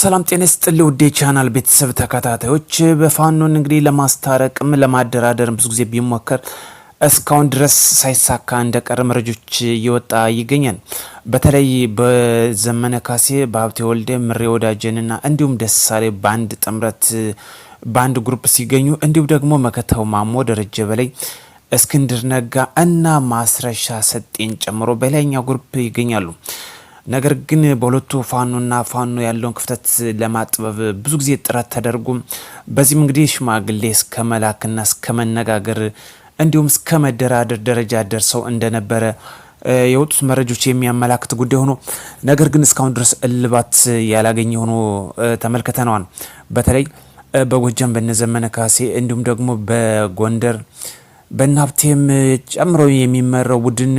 ሰላም ጤና ስጥል ውዴ ቻናል ቤተሰብ ተከታታዮች፣ በፋኖን እንግዲህ ለማስታረቅም ለማደራደርም ብዙ ጊዜ ቢሞከር እስካሁን ድረስ ሳይሳካ እንደቀረ መረጆች እየወጣ ይገኛል። በተለይ በዘመነ ካሴ፣ በሀብቴ ወልዴ፣ ምሬ ወዳጀንና እንዲሁም ደሳሌ በአንድ ጥምረት በአንድ ግሩፕ ሲገኙ እንዲሁም ደግሞ መከተው ማሞ፣ ደረጀ በላይ እስክንድር ነጋ እና ማስረሻ ሰጤን ጨምሮ በላይኛው ግሩፕ ይገኛሉ። ነገር ግን በሁለቱ ፋኖና ፋኖ ያለውን ክፍተት ለማጥበብ ብዙ ጊዜ ጥረት ተደርጎ በዚህም እንግዲህ ሽማግሌ እስከ መላክና እስከ መነጋገር እንዲሁም እስከ መደራደር ደረጃ ደርሰው እንደነበረ የወጡት መረጃዎች የሚያመላክት ጉዳይ ሆኖ ነገር ግን እስካሁን ድረስ እልባት ያላገኘ ሆኖ ተመልክተነዋል። በተለይ በጎጃም በነዘመነ ካሴ እንዲሁም ደግሞ በጎንደር በናብቴም ጨምሮ የሚመራው ቡድን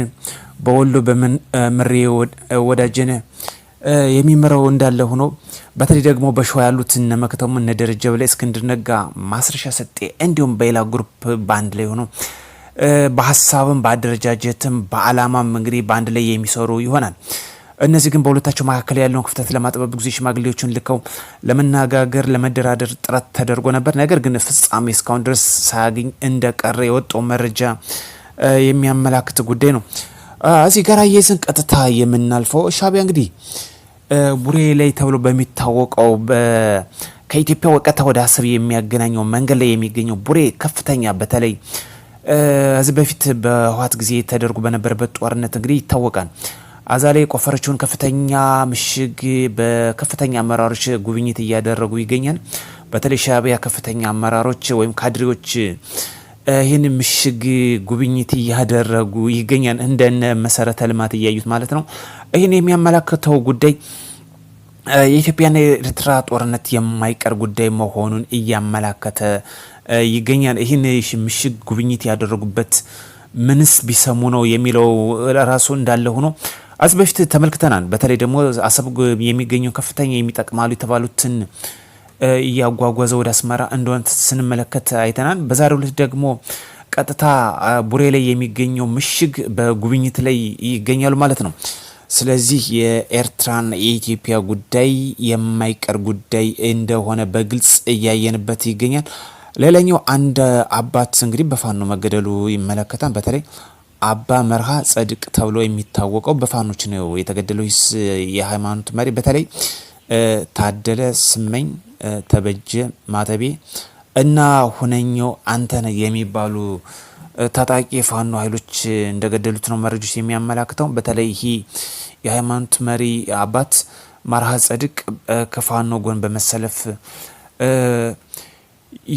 በወሎ በምሬ ወዳጀነ የሚመራው እንዳለ ሆኖ በተለይ ደግሞ በሸዋ ያሉት እነ መክተሙ እነ ደረጀ በላይ እስክንድር ነጋ ማስረሻ ሰጤ እንዲሁም በሌላ ግሩፕ በአንድ ላይ ሆኖ በሀሳብም በአደረጃጀትም በአላማም እንግዲህ በአንድ ላይ የሚሰሩ ይሆናል። እነዚህ ግን በሁለታቸው መካከል ያለውን ክፍተት ለማጥበብ ጊዜ ሽማግሌዎችን ልከው ለመነጋገር ለመደራደር ጥረት ተደርጎ ነበር። ነገር ግን ፍጻሜ እስካሁን ድረስ ሳያገኝ እንደቀረ የወጣው መረጃ የሚያመላክት ጉዳይ ነው። እዚህ ጋር የዝን ቀጥታ የምናልፈው ሻቢያ እንግዲህ ቡሬ ላይ ተብሎ በሚታወቀው ከኢትዮጵያ ወቀታ ወደ አሰብ የሚያገናኘው መንገድ ላይ የሚገኘው ቡሬ ከፍተኛ በተለይ እዚህ በፊት በህወሓት ጊዜ ተደርጎ በነበረበት ጦርነት እንግዲህ ይታወቃል። አዛሌ የቆፈረችውን ከፍተኛ ምሽግ በከፍተኛ አመራሮች ጉብኝት እያደረጉ ይገኛል። በተለይ ሻቢያ ከፍተኛ አመራሮች ወይም ካድሬዎች ይህን ምሽግ ጉብኝት እያደረጉ ይገኛል። እንደነ መሰረተ ልማት እያዩት ማለት ነው። ይህን የሚያመላክተው ጉዳይ የኢትዮጵያና የኤርትራ ጦርነት የማይቀር ጉዳይ መሆኑን እያመላከተ ይገኛል። ይህን ምሽግ ጉብኝት ያደረጉበት ምንስ ቢሰሙ ነው የሚለው ራሱ እንዳለ ሆኖ አዚ በፊት ተመልክተናል። በተለይ ደግሞ አሰብ የሚገኘው ከፍተኛ የሚጠቅማሉ የተባሉትን እያጓጓዘ ወደ አስመራ እንደሆነ ስንመለከት አይተናል። በዛሬው ዕለት ደግሞ ቀጥታ ቡሬ ላይ የሚገኘው ምሽግ በጉብኝት ላይ ይገኛሉ ማለት ነው። ስለዚህ የኤርትራና የኢትዮጵያ ጉዳይ የማይቀር ጉዳይ እንደሆነ በግልጽ እያየንበት ይገኛል። ሌላኛው አንድ አባት እንግዲህ በፋኖ መገደሉ ይመለከታል። በተለይ አባ መርሃ ጸድቅ ተብሎ የሚታወቀው በፋኖች ነው የተገደለው። ይህ የሃይማኖት መሪ በተለይ ታደለ ስመኝ ተበጀ ማተቤ እና ሁነኛው አንተነ የሚባሉ ታጣቂ ፋኖ ኃይሎች እንደገደሉት ነው መረጆች የሚያመላክተው። በተለይ ይህ የሃይማኖት መሪ አባት ማርሃ ጸድቅ ከፋኖ ጎን በመሰለፍ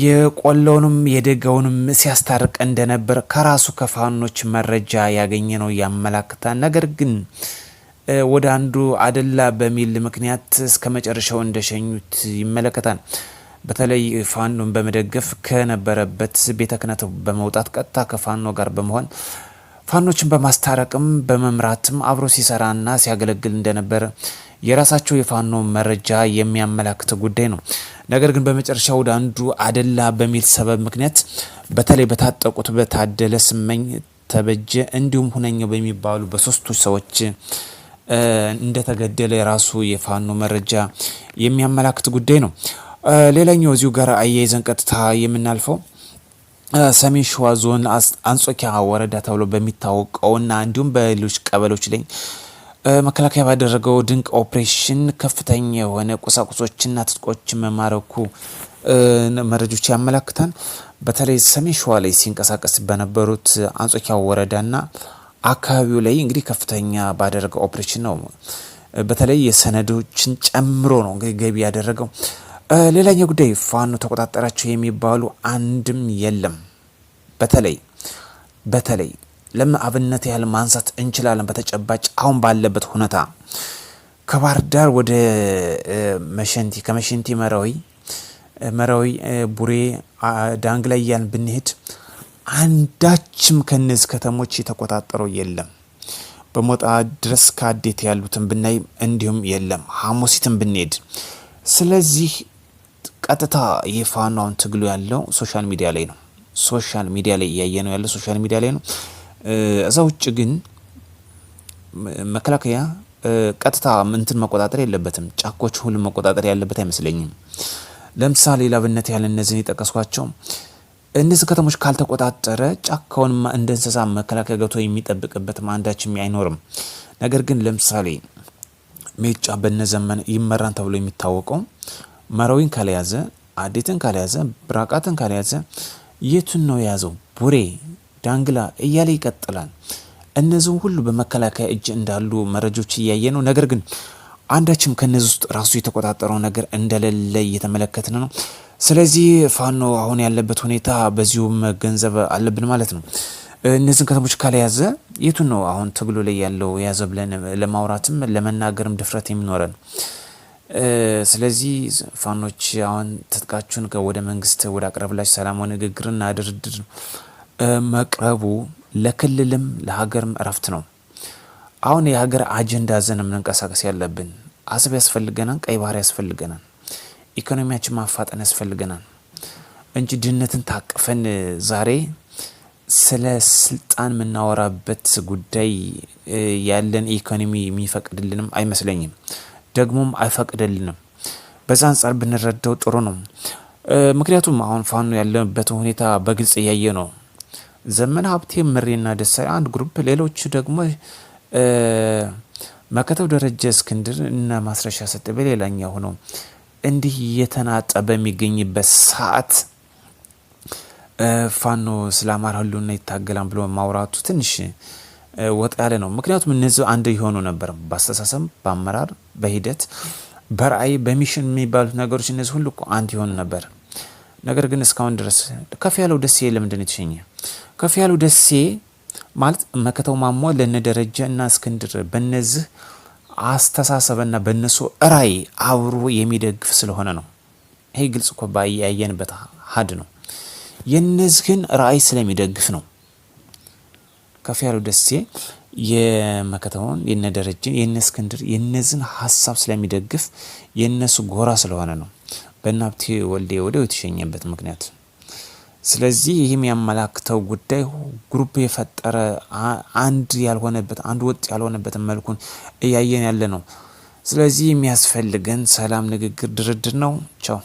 የቆለውንም የደጋውንም ሲያስታርቅ እንደነበር ከራሱ ከፋኖች መረጃ ያገኘ ነው ያመላክታል። ነገር ግን ወደ አንዱ አደላ በሚል ምክንያት እስከ መጨረሻው እንደሸኙት ይመለከታል። በተለይ ፋኖን በመደገፍ ከነበረበት ቤተ ክህነት በመውጣት ቀጥታ ከፋኖ ጋር በመሆን ፋኖችን በማስታረቅም በመምራትም አብሮ ሲሰራና ሲያገለግል እንደነበረ የራሳቸው የፋኖ መረጃ የሚያመላክት ጉዳይ ነው። ነገር ግን በመጨረሻ ወደ አንዱ አደላ በሚል ሰበብ ምክንያት በተለይ በታጠቁት በታደለ ስመኝ ተበጀ እንዲሁም ሁነኛው በሚባሉ በሶስቱ ሰዎች እንደተገደለ የራሱ የፋኖ መረጃ የሚያመላክት ጉዳይ ነው። ሌላኛው እዚሁ ጋር አያይዘን ቀጥታ የምናልፈው ሰሜን ሸዋ ዞን አንጾኪያ ወረዳ ተብሎ በሚታወቀውና እንዲሁም በሌሎች ቀበሌዎች ላይ መከላከያ ባደረገው ድንቅ ኦፕሬሽን ከፍተኛ የሆነ ቁሳቁሶችና ትጥቆች መማረኩ መረጆች ያመላክታል። በተለይ ሰሜን ሸዋ ላይ ሲንቀሳቀስ በነበሩት አንጾኪያ ወረዳና አካባቢው ላይ እንግዲህ ከፍተኛ ባደረገው ኦፕሬሽን ነው። በተለይ የሰነዶችን ጨምሮ ነው እንግዲህ ገቢ ያደረገው። ሌላኛው ጉዳይ ፋኖ ተቆጣጠራቸው የሚባሉ አንድም የለም። በተለይ በተለይ ለምን አብነት ያህል ማንሳት እንችላለን። በተጨባጭ አሁን ባለበት ሁኔታ ከባህር ዳር ወደ መሸንቲ ከመሸንቲ መራዊ መራዊ ቡሬ ዳንግ ላይ እያልን ብንሄድ አንዳ አንዳችም ከነዚህ ከተሞች የተቆጣጠረው የለም። በሞጣ ድረስ ከአዴት ያሉትን ብናይ እንዲሁም የለም፣ ሐሙሲትን ብንሄድ። ስለዚህ ቀጥታ የፋኗውን ትግሉ ያለው ሶሻል ሚዲያ ላይ ነው። ሶሻል ሚዲያ ላይ እያየ ነው ያለው ሶሻል ሚዲያ ላይ ነው። እዛ ውጭ ግን መከላከያ ቀጥታ ምንትን መቆጣጠር የለበትም። ጫኮች ሁሉም መቆጣጠር ያለበት አይመስለኝም። ለምሳሌ ላብነት ያህል እነዚህን የጠቀስኳቸው እነዚህ ከተሞች ካልተቆጣጠረ ጫካውን እንደ እንስሳ መከላከያ ገብቶ የሚጠብቅበት አንዳችም አይኖርም። ነገር ግን ለምሳሌ ሜጫ በነዘመን ይመራን ተብሎ የሚታወቀው መራዊን ካልያዘ፣ አዴትን ካልያዘ፣ ብራቃትን ካልያዘ የቱን ነው የያዘው? ቡሬ ዳንግላ እያለ ይቀጥላል። እነዚህ ሁሉ በመከላከያ እጅ እንዳሉ መረጃዎች እያየ ነው። ነገር ግን አንዳችም ከነዚህ ውስጥ ራሱ የተቆጣጠረው ነገር እንደሌለ እየተመለከትን ነው። ስለዚህ ፋኖ አሁን ያለበት ሁኔታ በዚሁም መገንዘብ አለብን ማለት ነው። እነዚህን ከተሞች ካልያዘ የቱ ነው አሁን ትግሉ ላይ ያለው የያዘ ብለን ለማውራትም ለመናገርም ድፍረት የሚኖረን? ስለዚህ ፋኖች አሁን ትጥቃችሁን ወደ መንግስት ወደ አቅረብላችሁ ሰላማዊ ንግግርና ድርድር መቅረቡ ለክልልም ለሀገርም እረፍት ነው። አሁን የሀገር አጀንዳ ዘን የምንንቀሳቀስ ያለብን አሰብ ያስፈልገናል፣ ቀይ ባህር ያስፈልገናል። ኢኮኖሚያችን ማፋጠን ያስፈልገናል እንጂ ድህነትን ታቅፈን ዛሬ ስለ ስልጣን የምናወራበት ጉዳይ ያለን ኢኮኖሚ የሚፈቅድልንም አይመስለኝም፣ ደግሞም አይፈቅድልንም። በዛ አንጻር ብንረዳው ጥሩ ነው። ምክንያቱም አሁን ፋኖ ያለበት ሁኔታ በግልጽ እያየ ነው። ዘመን ሀብቴ፣ ምሬና ደሳሌ አንድ ግሩፕ፣ ሌሎቹ ደግሞ መከተው ደረጀ፣ እስክንድር እና ማስረሻ ሰጥ በሌላኛ ሆነው እንዲህ እየተናጠ በሚገኝበት ሰዓት ፋኖ ስለ አማራ ህልውና ይታገላል ብሎ ማውራቱ ትንሽ ወጣ ያለ ነው። ምክንያቱም እነዚህ አንድ የሆኑ ነበር፣ በአስተሳሰብ፣ በአመራር፣ በሂደት፣ በራእይ፣ በሚሽን የሚባሉት ነገሮች እነዚህ ሁሉ አንድ የሆኑ ነበር። ነገር ግን እስካሁን ድረስ ከፍ ያለው ደሴ ለምንድን ነው የተሸኘ? ከፍ ያለው ደሴ ማለት መከተው ማሞ ለነ ደረጀ እና እስክንድር በነዚህ አስተሳሰብና በእነሱ ራይ አብሮ የሚደግፍ ስለሆነ ነው። ይሄ ግልጽ እኮ ባያየንበት ሀድ ነው። የእነዚህን ራእይ ስለሚደግፍ ነው ከፍ ያሉ ደሴ የመከተውን የነ ደረጀን የነ እስክንድር የነዚህን ሀሳብ ስለሚደግፍ የእነሱ ጎራ ስለሆነ ነው። በእናብቴ ወልዴ ወደው የተሸኘበት ምክንያት ስለዚህ ይህም ያመላክተው ጉዳይ ግሩፕ የፈጠረ አንድ ያልሆነበት አንድ ወጥ ያልሆነበትን መልኩን እያየን ያለ ነው። ስለዚህ የሚያስፈልገን ሰላም፣ ንግግር፣ ድርድር ነው። ቻው